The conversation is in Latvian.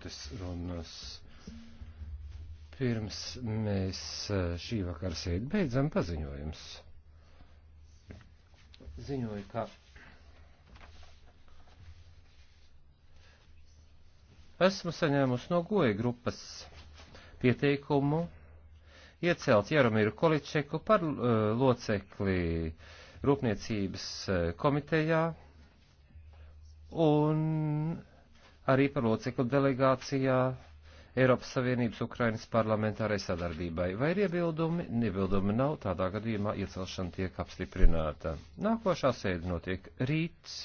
minūtes runas. Pirms mēs eh, šī vakara sēdi beidzam paziņojums. Ziņoju, ka esmu saņēmusi no goja grupas pieteikumu iecelt Jaromiru Količeku par uh, locekli Rūpniecības eh, komitejā un arī par loceklu delegācijā Eiropas Savienības Ukrainas parlamentārai sadarbībai. Vai ir iebildumi? Nebildumi nav, tādā gadījumā iecelšana tiek apstiprināta. Nākošā sēde notiek rīts.